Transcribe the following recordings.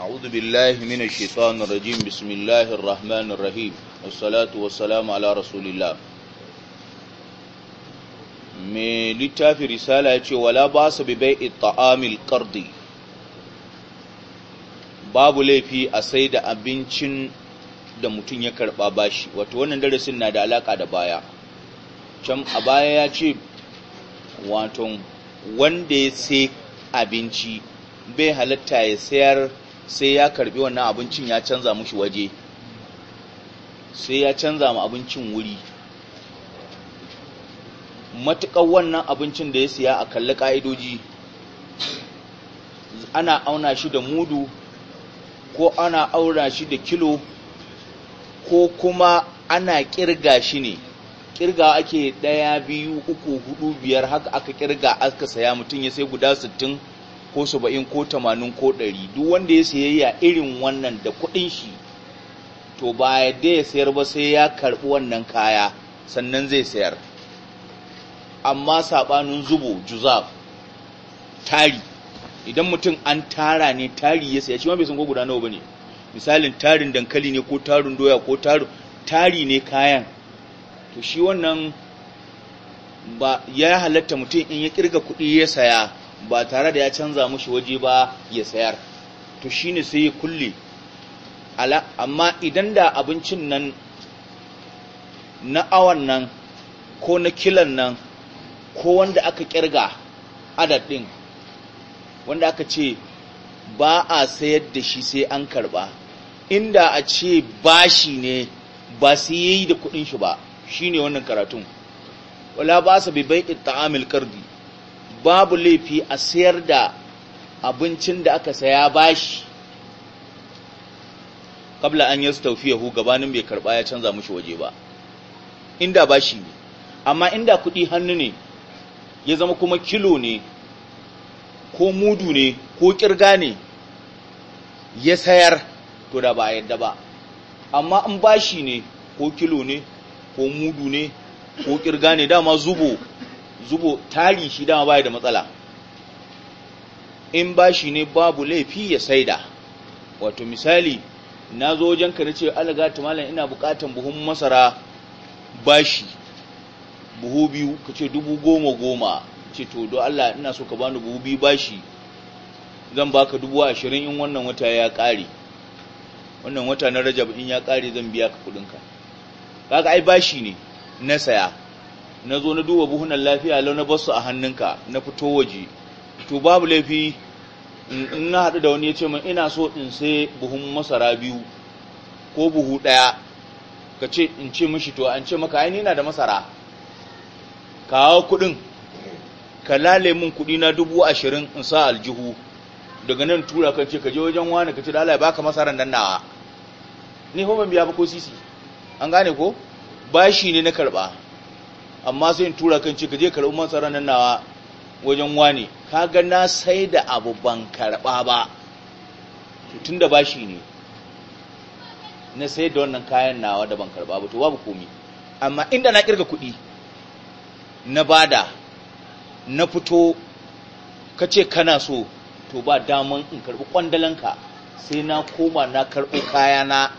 أعوذ بالله من الشيطان الرجيم بسم الله الرحمن الرحيم والصلاة والسلام على رسول الله mai littafin risala ya ce wala ba su bibai ita'amil babu laifi a sai da abincin da mutum ya karɓa bashi wato wannan darasin na da alaƙa da baya can a baya ya ce wato wanda ya sai abinci bai halatta ya sayar sai ya karbi wannan abincin ya canza mushi waje sai ya canza ma abincin wuri matuƙar wannan abincin da ya siya a kalli ƙa'idoji ana auna shi da mudu ko ana auna shi da kilo ko kuma ana ƙirga shi ne ƙirga ake ɗaya biyu uku hudu biyar haka aka ƙirga aka saya mutum ya sai guda sittin ko saba'in ko tamanin ko ɗari duk wanda ya sayayya irin wannan da kuɗin shi to ba yadda ya sayar ba sai ya karɓi wannan kaya sannan zai sayar amma saɓanin zubo juzaf tari idan mutum an tara ne tari ya saya shi ma bai san ko guda nawa bane misalin tarin dankali ne ko tarin doya ko tarin tari ne kayan to shi wannan ba ya halatta mutum in ya kirga kuɗi ya saya ba tare da ya canza mushi waje ba ya sayar to shine sai ya kulle amma idan da abincin nan na awan nan ko na kilan nan ko wanda aka kirga adad din wanda aka ce ba a sayar da shi sai an karba inda a ce bashi ne ba sai yi da kudin shi ba shine wannan karatun wala ba sa bai bai'i ta'amil kardi babu laifi a sayar da abincin da aka saya bashi kabla an yasu taufiyahu gabanin bai karba ya canza mushi waje ba inda bashi ne amma inda kudi hannu ne ya zama kuma kilo ne ko mudu ne ko kirga ne ya sayar to da ba yadda ba amma in bashi ne ko kilo ne ko mudu ne ko kirga ne dama zubo zubo tari shi dama baya da matsala in bashi ne babu laifi ya saida wato misali na zo wajenka na ce alaga ta malam ina bukatan buhun masara bashi buhu biyu ka ce dubu goma goma ce to do Allah ina so ka bani buhu biyu bashi zan baka dubu ashirin in wannan wata ya kare wannan wata na rajab in ya kare zan biya ka kudinka kaga ai bashi ne na saya na zo na duba buhunan lafiya lau na basu a hannunka na fito waje to babu laifi in na haɗu da wani ya ce min ina so in sai buhun masara biyu ko buhu ɗaya ka ce in ce mishi to an ce maka ai ni na da masara kawo kuɗin ka lale min kuɗi na dubu ashirin in sa aljihu daga nan tura kan ce ka je wajen wani ka ce da Allah ya baka masaran nan nawa ni fa biya ba ko sisi an gane ko bashi ne na karɓa amma sai in tura kan ce ka je ka karɓi masarar nan nawa wajen wane kaga na sai da abu ban karɓa ba tun da bashi ne na sai da wannan kayan nawa da ban karɓa ba to babu komi amma inda na kirga kuɗi na bada na fito ka ce kana so to ba daman in karɓi ƙwandalanka sai na koma na karɓo kayana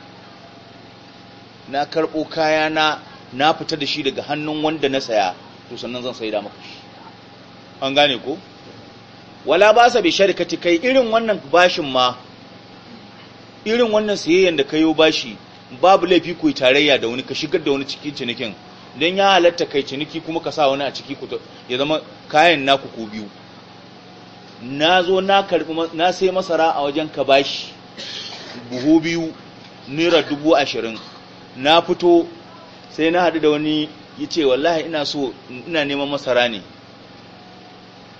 na karɓo kayana na fita da shi daga hannun wanda na saya to sannan zan saida maka shi an gane ko wala ba sa bi sharikati kai irin wannan bashin ma irin wannan sayayyan da kayo bashi babu laifi ku tarayya da wani ka shigar da wani cikin cinikin don ya halatta kai ciniki kuma ka sa wani a ciki ya zama kayan naku ku biyu na zo na karbi na sai masara a wajen ka bashi buhu biyu naira dubu ashirin na fito sai na haɗu da wani ya ce wallahi ina so ina neman masara ne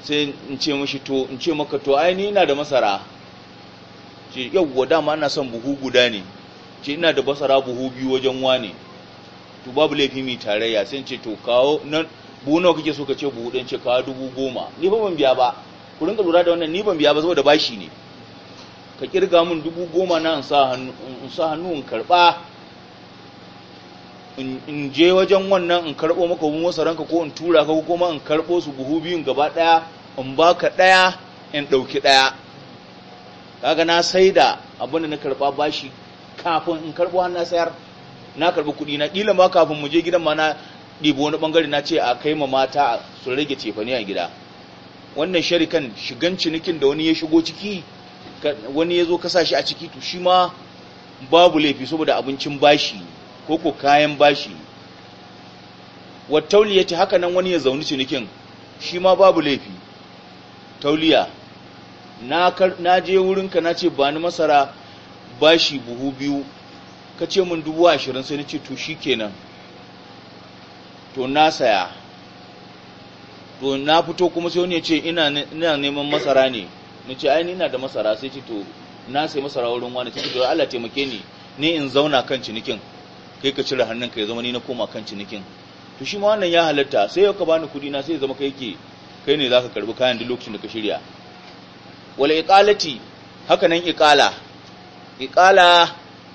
sai in ce mashi to in ce maka to ai ni ina da masara ce wa dama ana son buhu guda ne ce ina da basara buhu biyu wajen wane to babu laifi mai tarayya sai ce to kawo nan buhu nawa kake so ka ce buhu dan ce kawo dubu goma ni ba ban biya ba ku rinka lura da wannan ni ban biya ba saboda bashi ne ka kirga min dubu goma na in sa hannu in karɓa in je wajen wannan in karɓo maka buhun masaranka ko in tura ka kuma in karɓo su buhu biyun gaba ɗaya in baka ɗaya in ɗauki ɗaya kaga na sai da abin da na karɓa bashi kafin in karɓo har na sayar na karɓi kuɗi na ƙila ma kafin mu je gidan ma na ɗibi wani ɓangare na ce a kai ma mata su rage cefane a gida wannan sharikan shigan cinikin da wani ya shigo ciki wani ya zo ka a ciki to shi ma babu laifi saboda abincin bashi ko ko kayan bashi wa ce haka nan wani ya zauni cinikin shi ma babu laifi tauliya na je wurinka na ce ba ni masara bashi buhu biyu ka ce min dubu ashirin sai na ce to shi kenan to na saya to na fito kuma sai wani ya ce ina neman masara ne na ce ai ina da masara sai ce to na sai masara wurin wani cikin da Allah taimake ni ne in zauna kan cinikin kai ka cire hannunka ya zama ni na koma kan cinikin to shi ma wannan ya halatta sai yau ka bani kudi na sai ya zama kai ke kai ne zaka karbi kayan duk lokacin da ka shirya wala iqalati haka nan iqala iqala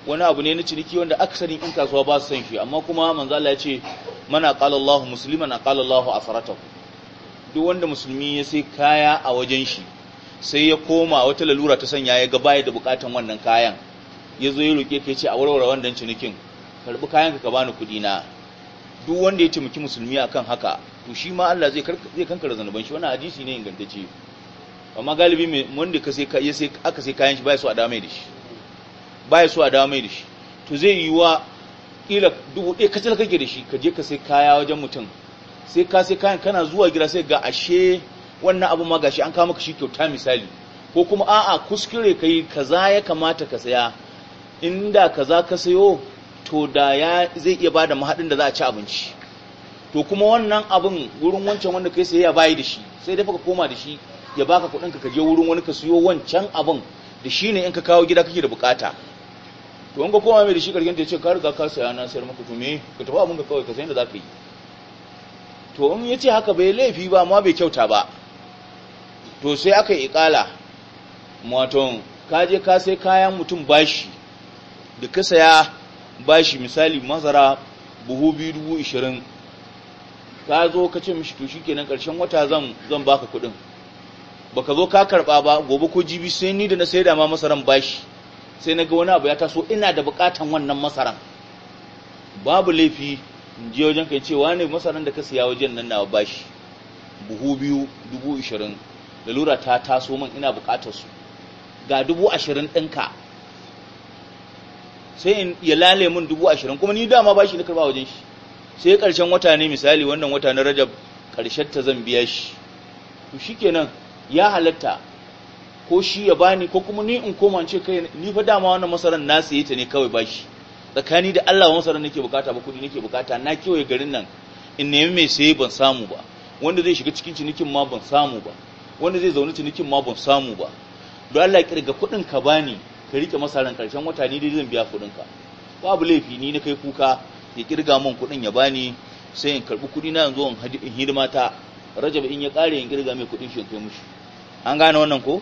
wani abu ne na ciniki wanda aksarin in kasuwa ba su san shi amma kuma manzo Allah ya ce mana qala Allahu musliman qala Allahu asratahu duk wanda musulmi ya sai kaya a wajen shi sai ya koma wata lalura ta sanya ya ga baya da bukatan wannan kayan yazo ya roke kai ce a warware wannan cinikin karbi kayanka ka bani kudi na duk wanda ya taimaki musulmi akan haka to shi ma Allah zai zai kankara zanuban shi wannan hadisi ne ingantacce amma galibi mai wanda ka sai ya sai aka sai kayan shi bai so a dawo mai da bai so a dawo mai da shi to zai yi wa kila dubu ɗaya kacal kake da shi ka je ka sai kaya wajen mutum sai ka sai kayan kana zuwa gida sai ga ashe wannan abu ma gashi an kawo maka shi kyauta misali ko kuma a'a kuskure kai kaza ya kamata ka saya inda kaza ka sayo to da ya zai iya ba da mahadin da za a ci abinci to kuma wannan abin wurin wancan wanda kai sai ya bayi da shi sai dai ka koma da shi ya baka kudin ka je wurin wani ka siyo wancan abin da shi ne in ka kawo gida kake da bukata to in ka koma mai da shi karkin da ya ce ka riga ka saya na sayar maka to me ka tafi abin ka kawai ka san da za ka yi to in ya ce haka bai laifi ba ma bai kyauta ba to sai aka yi ikala wato ka je ka sai kayan mutum bashi da ka saya bashi misali masara buhu biyu dubu ishirin ka zo ka ce mishi to shi kenan ƙarshen wata zan zan baka kuɗin ka zo ka karɓa ba gobe ko jibi sai ni da na saida ma masaran bashi sai na ga wani abu ya taso ina da buƙatan wannan masaran babu laifi in je wajen kai cewa ne masaran da ka siya wajen nan na bashi buhu biyu dubu ishirin lalura ta taso man ina buƙatar su ga dubu ashirin ɗinka sai in ya lale mun dubu ashirin kuma ni dama bashi na karba wajen shi sai ƙarshen wata ne misali wannan wata na rajab ƙarshen ta zan biya shi to kenan ya halatta ko shi ya bani ko kuma ni in koma ce kai ni fa dama wannan masaran na saye ta ne kawai bashi tsakani da Allah masaran nake bukata ba kudi nake bukata na kewaye garin nan in nemi mai saye ban samu ba wanda zai shiga cikin cinikin ma ban samu ba wanda zai zaune cinikin ma ban samu ba don Allah kirga kudin ka bani ka rike masa ran karshen wata ni dai zan biya kuɗin ka babu laifi ni na kai kuka ya kirga min kuɗin ya bani sai in karɓi kuɗi na yanzu in hidima ta rajab in ya ƙare in kirga mai kuɗin shi kai mushi an gane wannan ko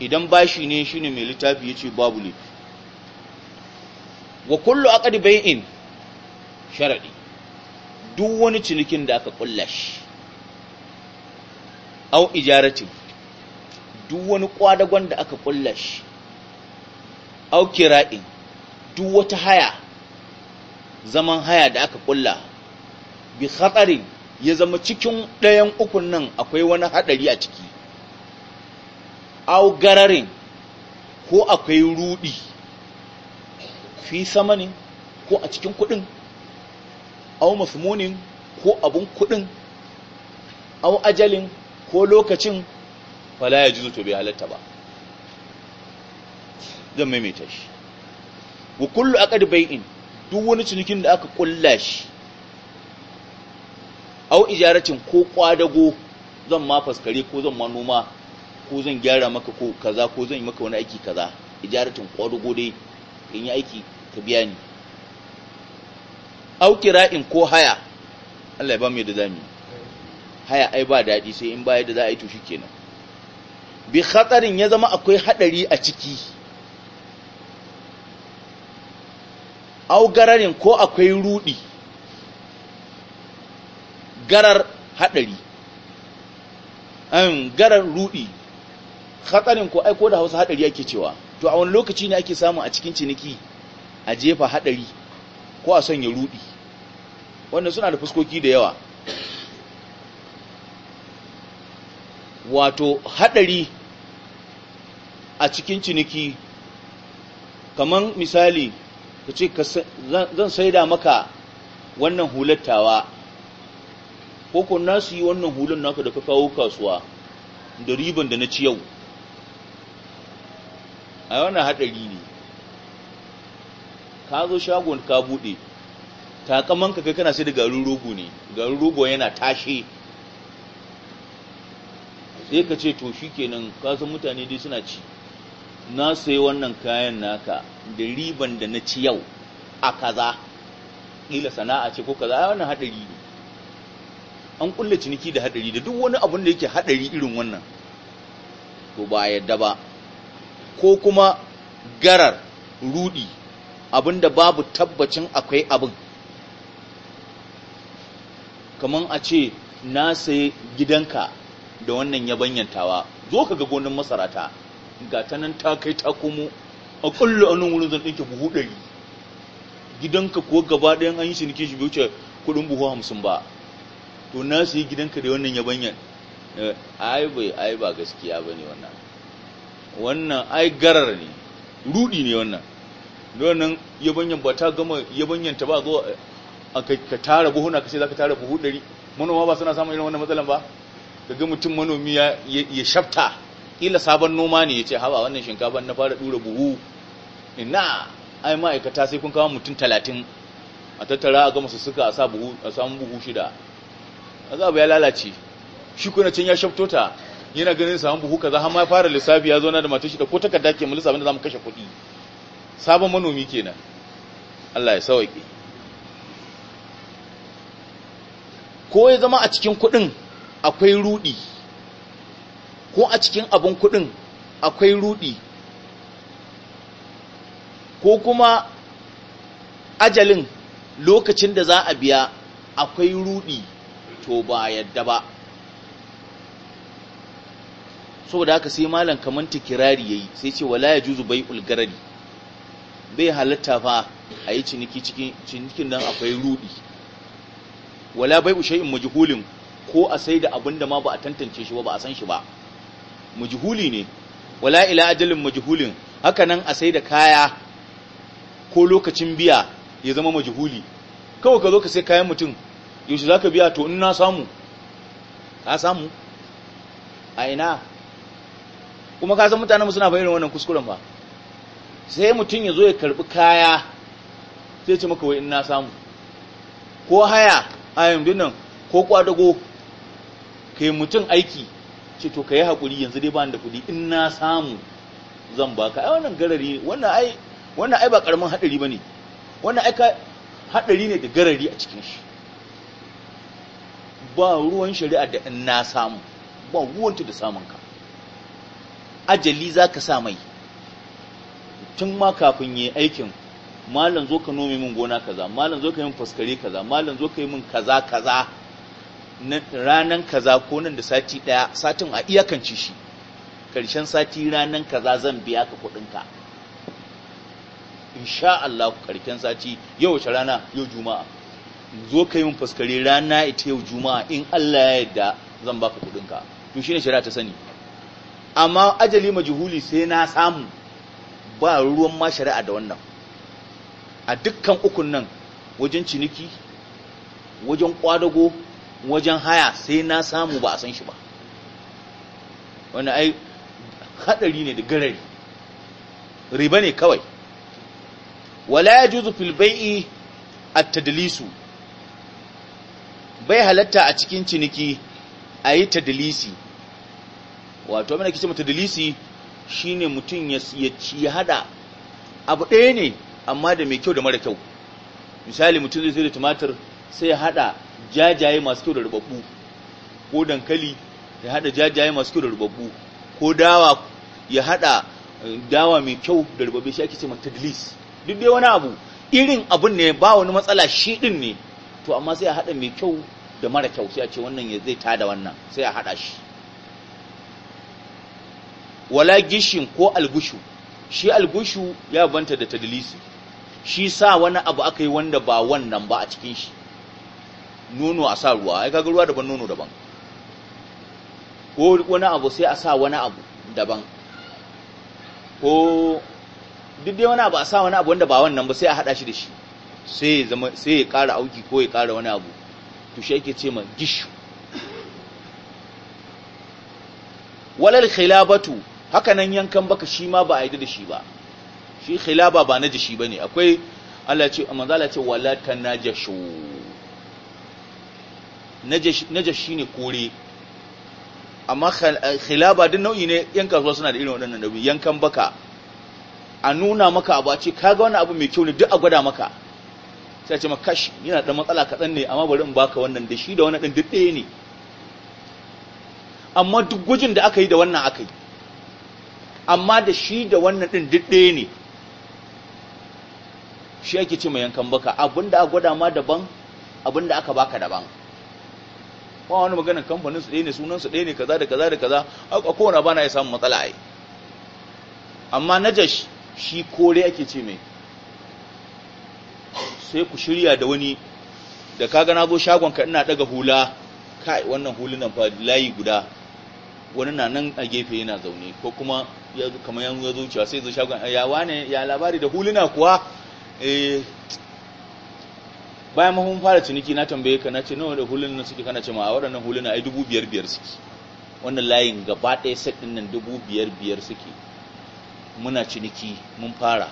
idan bashi ne shine mai littafi yace babu laifi wa kullu aqdi bay'in sharadi duk wani cinikin da aka kulla shi au ijaratin duk wani kwadagon da aka kulla shi au kira'in duk wata haya zaman haya da aka kulla bi khatarin ya zama cikin ɗayan ukun nan akwai wani haɗari a ciki au gararin ko akwai rudi fi sama ne ko a cikin kuɗin au masmunin ko abun kuɗin au ajalin ko lokacin fala ya ji zuto bai halatta ba zan maimaita shi wa kullu aqd bai'in duk wani cinikin da aka ƙulla shi au ijaratin ko ƙwadago zan ma faskare ko zan ma noma ko zan gyara maka ko kaza ko zan yi maka wani aiki kaza ijaratin ƙwadago dai in yi aiki ka biya ni au kira'in ko haya Allah ya ba mu da zami. haya ai ba daɗi sai in baya da za a yi to kenan bi khatarin ya zama akwai haɗari a ciki au ko akwai rudi garar hadari an garar rudi hatsarin ko aiko da hausa hadari ake cewa to a wani lokaci ne ake samun a cikin ciniki a jefa haɗari ko a sanya rudi wannan suna da fuskoki da yawa wato haɗari a cikin ciniki kamar misali ka ce zan saida maka wannan hulattawa ko ko nasu yi wannan hulun naka da ka kawo kasuwa da riban da na ci yau a wannan haɗari ne ka zo shagon ka buɗe takamanka kai kana sai da garin rogo ne garin rogo yana tashe sai ka ce to shi kenan kasan mutane dai suna ci na sayi wannan kayan naka da riban da na ci yau a kaza ƙila sana'a ce ko kaza a wannan haɗari ne an ƙulla ciniki da haɗari da duk wani abin da yake haɗari irin wannan to ba yadda ba ko kuma garar rudi abin da babu tabbacin akwai abin kamar a ce na sayi gidanka da wannan yabanyantawa zo ka ga gonin masarata ga ta nan ta kai ta komo a kullu a nan wurin zan ɗinke buhu ɗari gidanka ko gaba ɗaya an yi ciniki shi wuce kuɗin buhu hamsin ba to na su yi gidanka da wannan yabanyan eh, ai bai ai ba gaskiya ba ne wannan wannan ai garar ne rudi ne wannan da wannan yabanyan ba ta gama yabanyan ta ba zo ka tara buhuna ka ce za ka tara buhu ɗari manoma ba suna samun irin wannan matsalan ba ka ga mutum manomi ya shafta kila sabon noma ne ya ce, haba wannan shinkafa na fara dura buhu ina ai ma'aikata sai kun kawo mutum talatin a tattara a gama su suka a sa buhu a samu buhu ya lalace shi kuna cin ya shafto ta yana ganin samun buhu kaza har ma fara lissafi ya zo na da matar shi da ko takarda ke mulisa abinda za mu kashe kuɗi sabon manomi kenan Allah ya sauƙi ko ya zama a cikin kuɗin akwai rudi ko a cikin abin kuɗin akwai rudi ko kuma ajalin lokacin da za a biya akwai rudi to ba yadda ba saboda haka sai malam kaman tikirari yayi sai ce wala ya juzu bai garari bai halatta fa yi ciniki cikin cinikin nan akwai rudi wala bai ushe in majihulin ko a sai da da ma ba a tantance shi ba ba a san shi ba majihuli ne wala ila ajalin majhulin haka nan a sai da kaya ko lokacin biya ya zama majihuli kawai ka zo ka sai kayan mutum yaushe za ka biya to in na samu ka samu a ina kuma ka san mutanenmu suna bayyana wannan kuskuren ba sai mutum ya zo ya karbi kaya sai ce maka wai in na samu ko haya a yanzu nan ko kwadago yi mutum aiki ce to ka yi haƙuri yanzu dai ba da kuɗi in na samu zan baka ai wannan garari wannan ai wannan ai ba haɗari ba ne wannan ai ka haɗari ne da garari a cikin shi ba ruwan shari'a da in na samu ba ruwan da samun ka ajali ka sa mai tun ma kafin yi aikin malam zo ka nome min gona kaza malam zo ka yi min faskare kaza malam zo ka yi min kaza kaza ranan kaza ko nan da sati ɗaya, satin a iyakance shi karshen sati ranan kaza zan biya ka kuɗinka insha Allah karshen sati yau wace rana yau juma'a zo ka yi mun fuskare rana ita yau juma'a in Allah ya yarda zan baka kuɗinka to shine shari'a ta sani amma ajali majhuli sai na samu ba ruwan ma shari'a da wannan a dukkan ukun nan wajen ciniki wajen kwadago wajen haya sai na samu ba a san shi ba wanda ai hadari ne da garari riba ne kawai wala yajuzu fil bai'i at-tadlisu bai halatta a cikin ciniki ayi tadalisi. wato mene tadalisi tadlisi shine mutum ya ya hada abu ɗaya ne amma da mai kyau da mara kyau misali mutum zai zai da tumatir sai ya hada jajaye masu kyau da rubabbu ko dankali ya hada jajaye masu kyau da rubabbu ko dawa ya hada eh, dawa mai kyau da rubabbe shi ake ce ma tadlis duk dai wani abu irin abun ne ba wani matsala shi din ne to amma sai a hada mai kyau da mara kyau sai a ce wannan ya zai tada wannan sai a hada shi wala gishin ko algushu shi algushu ya banta da tadlisi shi sa wani abu aka yi wanda ba wannan ba a cikin shi nono a sa ruwa ai kaga ruwa daban nono daban ko wani abu sai a sa wani abu daban ko duk dai wani abu a sa wani abu wanda ba wannan ba sai a hada shi da shi sai ya zama sai ya kara auki ko ya kara wani abu to shi yake ce ma gishu walal khilabatu haka nan yankan baka shi ma ba a yi da shi ba shi khilaba ba na jishi bane akwai Allah ce manzo Allah ce wala tanajashu shi shine kore amma eh, khilaba duk nau'i ne yan kasuwa suna da irin waɗannan nau'i yankan baka a nuna maka abu a ce kaga wani abu mai kyau ne duk a gwada maka sai a ce maka kashi yana da matsala kaɗan ne amma bari in baka wannan da shi da wani ɗin duk ɗaya ne amma duk gujin da aka yi da wannan aka yi amma da shi da wannan ɗin duk ɗaya ne shi ake ce mai yankan baka abinda a gwada ma daban abinda aka baka daban ba wani magana kamfanin su ɗaya ne sunan su ɗaya ne kaza da kaza da kaza a kowane bana ya samu matsala ai amma najash shi kore ake ce mai sai ku shirya da wani da kaga na zo shagon ka ina daga hula kai wannan hulunan fa layi guda wani na nan a gefe yana zaune ko kuma ya kamar yanzu ya cewa sai zo shagon ya wane ya labari da huluna kuwa eh bayan mun fara ciniki na tambaye ka na ce nawa da hulun nan suke kana ce ma a waɗannan huluna ai dubu biyar biyar suke wannan layin gaba ɗaya set ɗin nan dubu biyar biyar suke muna ciniki mun fara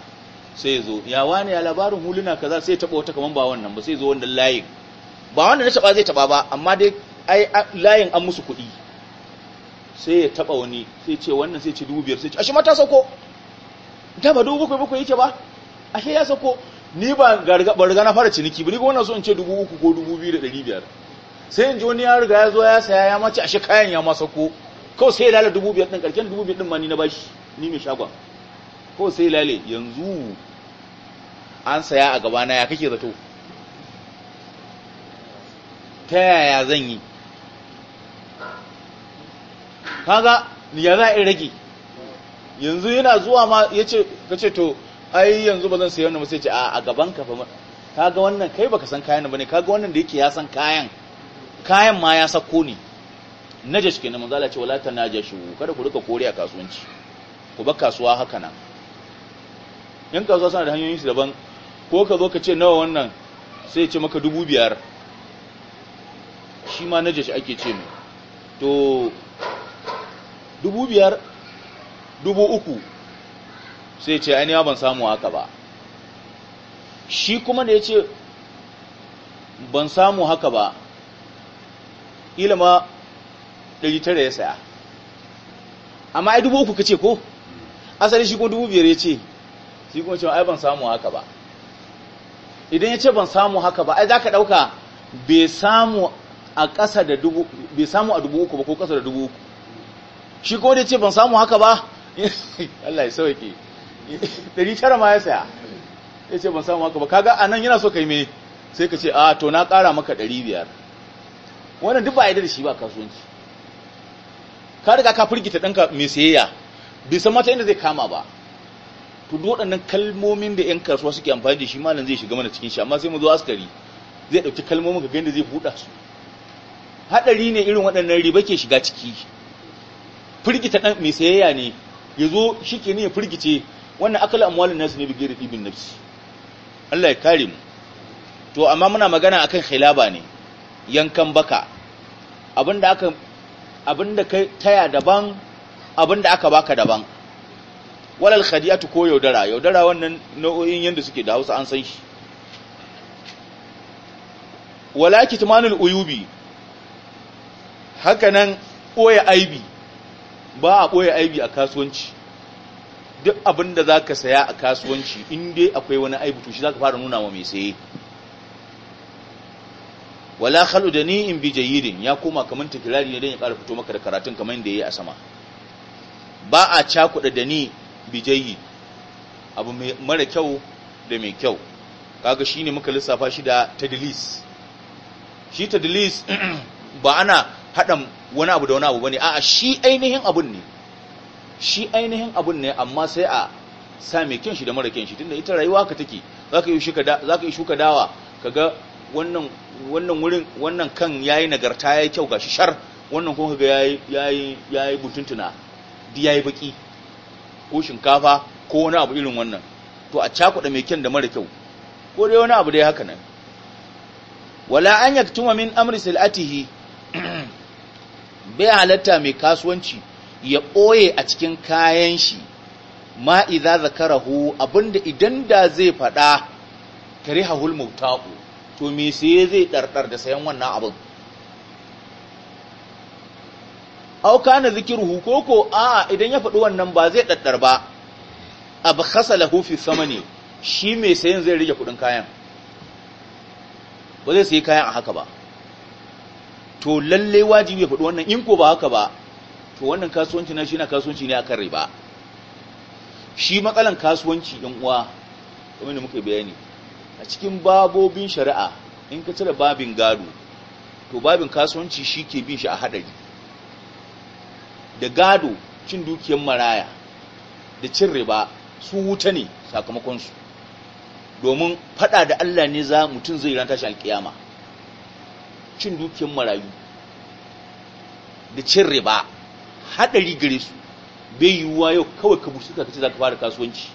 sai zo ya wani ya labarin huluna kaza sai taɓa wata kaman ba wannan ba sai zo wannan layin ba wanda na taɓa zai taɓa ba amma dai ai layin an musu kuɗi sai ya taɓa wani sai ce wannan sai ce dubu biyar sai ce a ma ta sauko da ba dubu bakwai bakwai yake ba a shi ya sauko ni ba riga na fara ciniki ba ni wannan so in ce dubu uku ko dubu biyu da biyar sai in ji wani ya riga ya zo ya saya ya mace ashe kayan ya masa ko kawai sai lale 2500 dubu biyar ɗin ƙarken dubu biyar ɗin ma ni na bashi ni mai shagon kawai sai lale yanzu an saya a gabana ya kake zato ta yaya zan yi kaga ya za a rage yanzu yana zuwa ma ya ce to ai yanzu ba zan sayi wannan ba sai ce a gaban ka fa kaga wannan kai baka san kayan bane kaga wannan da yake ya san kayan kayan ma ya sako ne najash kenan manzo Allah ce wala tanajashu kada ku rika kore a kasuwanci ku bar kasuwa haka nan ka kasuwa suna da hanyoyin su daban ko ka zo ka ce nawa wannan sai ya ce maka dubu biyar shi ma najash ake ce mai to dubu biyar dubu uku sai ce ainihi ban samu haka ba shi kuma da ya ce ban samu haka ba ilima 900 ya saya amma ai dubu uku kace ko asali shi kuma dubu biyar ya ce shi kuma ce ai ban samu haka ba idan ya ce ban samu haka ba ai za ka ɗauka bai samu a ƙasa da dubu bai samu a dubu uku ba ko ƙasa da dubu uku shi kuma da ya ce ban samu haka ba Allah ya sauke tara ma ya saya ya ce ban samu haka ba kaga a nan yana so kai me sai ka ce a to na ƙara maka ɗari biyar wannan duk ba yadda da shi ba kasuwanci ka riga ka firgita ɗanka mai sayayya bai san mata inda zai kama ba to duk waɗannan kalmomin da 'yan kasuwa suke amfani da shi malam zai shiga mana cikin shi amma sai mu zo askari zai ɗauki kalmomin ka da zai buɗa su haɗari ne irin waɗannan riba ke shiga ciki firgita ɗan mai sayayya ne ya zo shi ke ne ya firgice wannan akala amwalin nasu ne bigiri ibn nafsi Allah ya kare mu to amma muna magana akan khilaba ne yankan baka abinda aka abinda kai taya daban abinda aka baka daban walal khadi'atu ko yaudara yaudara wannan nau'o'in yanda suke da Hausa an san shi walaki tumanul uyubi nan koya aibi ba a ɓoye aibi a kasuwanci duk abin da za ka saya a kasuwanci in dai akwai wani aibu to shi za ka fara nuna wa mai saye wala khalu da ni in bi jayirin, ya koma kamar takirari ne don ya ƙara fito maka da karatun kamar da ya yi a sama ba a cakuɗa da ni bi abu mara kyau da mai kyau kaga shi ne muka lissafa shi da tadlis shi tadlis ba ana haɗa wani abu da wani abu ba ne a'a shi ainihin abun ne shi ainihin abun ne amma sai a sa mai kyan shi da mara kyan shi tunda ita rayuwa ka take zaka yi shuka yi shuka dawa kaga wannan wannan wurin wannan kan yayi nagarta yayi kyau gashi shar wannan kuma kaga yayi yayi yayi buntuntuna di yayi baki ko shinkafa ko wani abu irin wannan to a cakuɗa mai kyan da mara kyau ko dai wani abu dai haka nan wala an yaktuma min amri silatihi bai halatta mai kasuwanci ya ɓoye a cikin kayan shi ma zakara zakarahu abinda idan da zai faɗa hahul mutaqu to me sai zai ɗarɗar da sayan wannan abin aw kana zikiruhu ko a idan ya faɗi wannan ba zai ɗarɗar ba abkhasa lahu fi samani shi me sayan zai rage kuɗin kayan ba zai sayi kayan a haka ba to lalle wajibi ya faɗi wannan in ko ba haka ba to wannan kasuwanci na shi na kasuwanci ne akan riba shi matsalan kasuwanci ɗan uwa kamar da muka bayani a cikin babobin shari'a in ka cire babin gado to babin kasuwanci shi ke bin shi a haɗari da gado cin dukiyar maraya da cin riba su wuta ne sakamakonsu domin faɗa da Allah ne za mutum zai ranta shi alƙiyama cin dukiyar marayu da cin riba haɗari gare su bai yiwuwa yau kawai ka busu ka ce za ka fara kasuwanci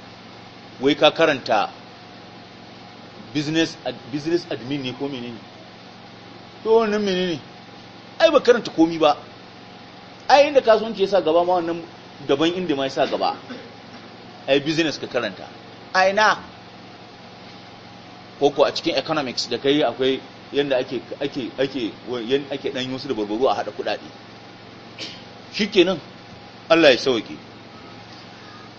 wai ka karanta business admin ne ko menene to wannan menene ai ba karanta komi ba ai inda kasuwanci ya sa gaba ma wannan daban inda ma ya sa gaba ai business ka karanta ai na koko a cikin economics da kai akwai yadda ake ake ake ake dan yusu da barbaru a hada kudade shi shikenan Allah ya sauke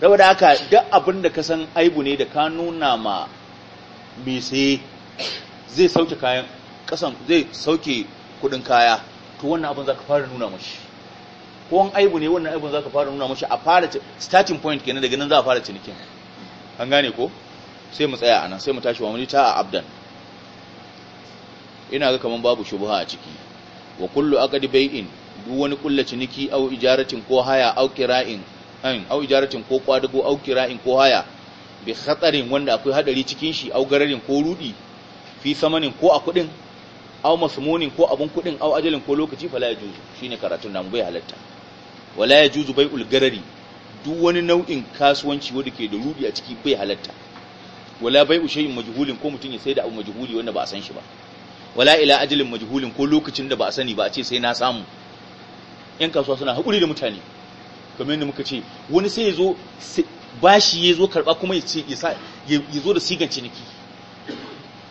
saboda haka duk abin da ka san aibu ne da ka nuna ma mai saye zai sauke kayan kasan zai sauke kudin kaya to wannan abin za ka fara nuna mashi ko an aibu ne wannan aibu za ka fara nuna mashi a fara starting point kenan daga nan za a fara cinikin an gane ko sai mu tsaya anan sai mu tashi wa mulita a abdan ina ga kaman babu shubuha a ciki wa kullu aqdi bai'in duk wani kulla ciniki au ijaratin ko haya au kira'in an au ijaratin ko kwadago au kira'in ko haya bi khatarin wanda akwai hadari cikin shi au gararin ko rudi fi samanin ko a kudin au masmunin ko abun kudin au ajalin ko lokaci ya yajuzu shine karatun namu bai halatta wala yajuzu bai'ul garari duk wani nau'in kasuwanci wanda ke da rudi a ciki bai halatta wala bai'u shay'in majhulin ko mutun ya saida abu majhuli wanda ba a san shi ba wala ila ajalin majhulin ko lokacin da ba a sani ba a ce sai na samu yan kasuwa suna haƙuri da mutane kamar yadda muka ce wani sai ya zo bashi ya zo karɓa kuma ya zo da sigan ciniki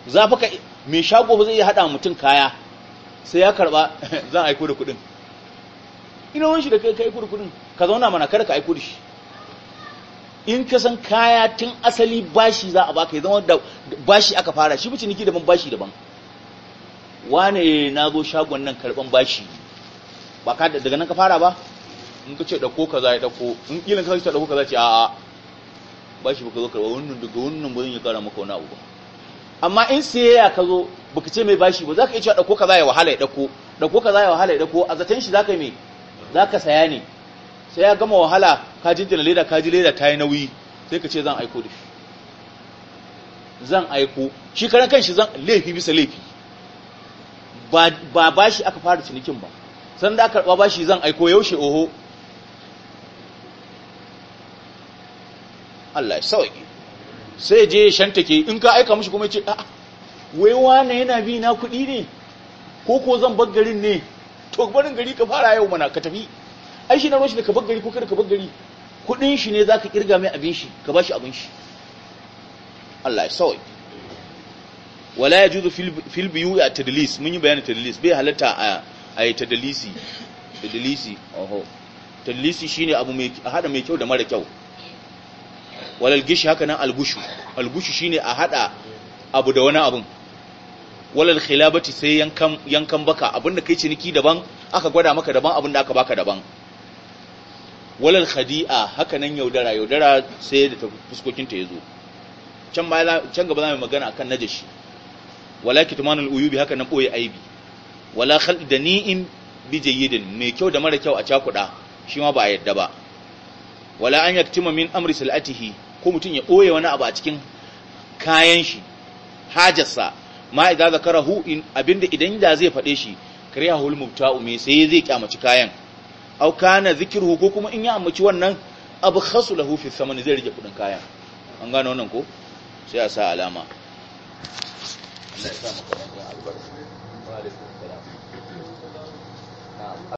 za fa ka mai shago ba zai iya haɗa mutum kaya sai ya karɓa zan aiko da kuɗin ina wani shi da kai ka aiko da kuɗin ka zauna mana kada ka aiko da shi in ka san kaya tun asali bashi za a baka ya zama da bashi aka fara shi bi ciniki daban bashi daban wane na zo shagon nan karɓan bashi ba ka daga nan ka fara ba in ka ce dauko za ya dauko in ilin ka ce dauko kaza ce a'a ba shi baka zo karba wannan daga wannan ba zan yi kara maka wani abu ba amma in sayayya ka zo baka ce mai bashi ba za ka iya cewa dauko za ya wahala ya dauko dauko za ya wahala ya dauko a zaton shi mai za ka saya ne sai ya gama wahala ka jinjina leda ka ji leda ta yi nauyi sai ka ce zan aiko da shi zan aiko shi karan kanshi zan laifi bisa laifi ba ba shi aka fara cinikin ba san da karɓa bashi zan aiko yaushe oho Allah ya sauki sai je ya shantake in ka aika mishi kuma ce a'a wai wane yana bi na kuɗi ne ko ko zan bar garin ne to barin gari ka fara yau mana ka tafi ai shi na roshi da ka bar gari ko kada ka bar gari kuɗin shi ne zaka kirga mai abin shi ka bashi abin shi Allah ya sauki wala yajuzu fil biyu a tadlis mun yi bayanin tadlis bai halatta a ai yi tadlisi oho dalisi shine abu mai hada mai kyau da mara kyau walal gishi haka nan algushu algushu shine a hada abu da wani abu walal khilabati sai yankan yankan baka abinda kai ciniki daban aka gwada maka daban abinda aka baka daban walal khadi'a haka nan yaudara yaudara sai da fuskokin ta yazo can ba can gaba zamu magana akan najashi walaki tumanul uyubi haka nan boye aibi wala khal da ni'im bi jayyidin mai kyau da mara kyau a cakuɗa shi ma ba a yadda ba wala an yaktima min amri salatihi ko mutum ya boye wani abu a cikin kayan shi hajarsa ma idza zakarahu in abinda idan da zai faɗe shi karihul mubta'u me sai zai kyamaci kayan au kana zikiru ko kuma in ya ambaci wannan abu khasu lahu fi samani zai rike kudin kayan an gane wannan ko sai a sa alama Allah ya sa maka albarka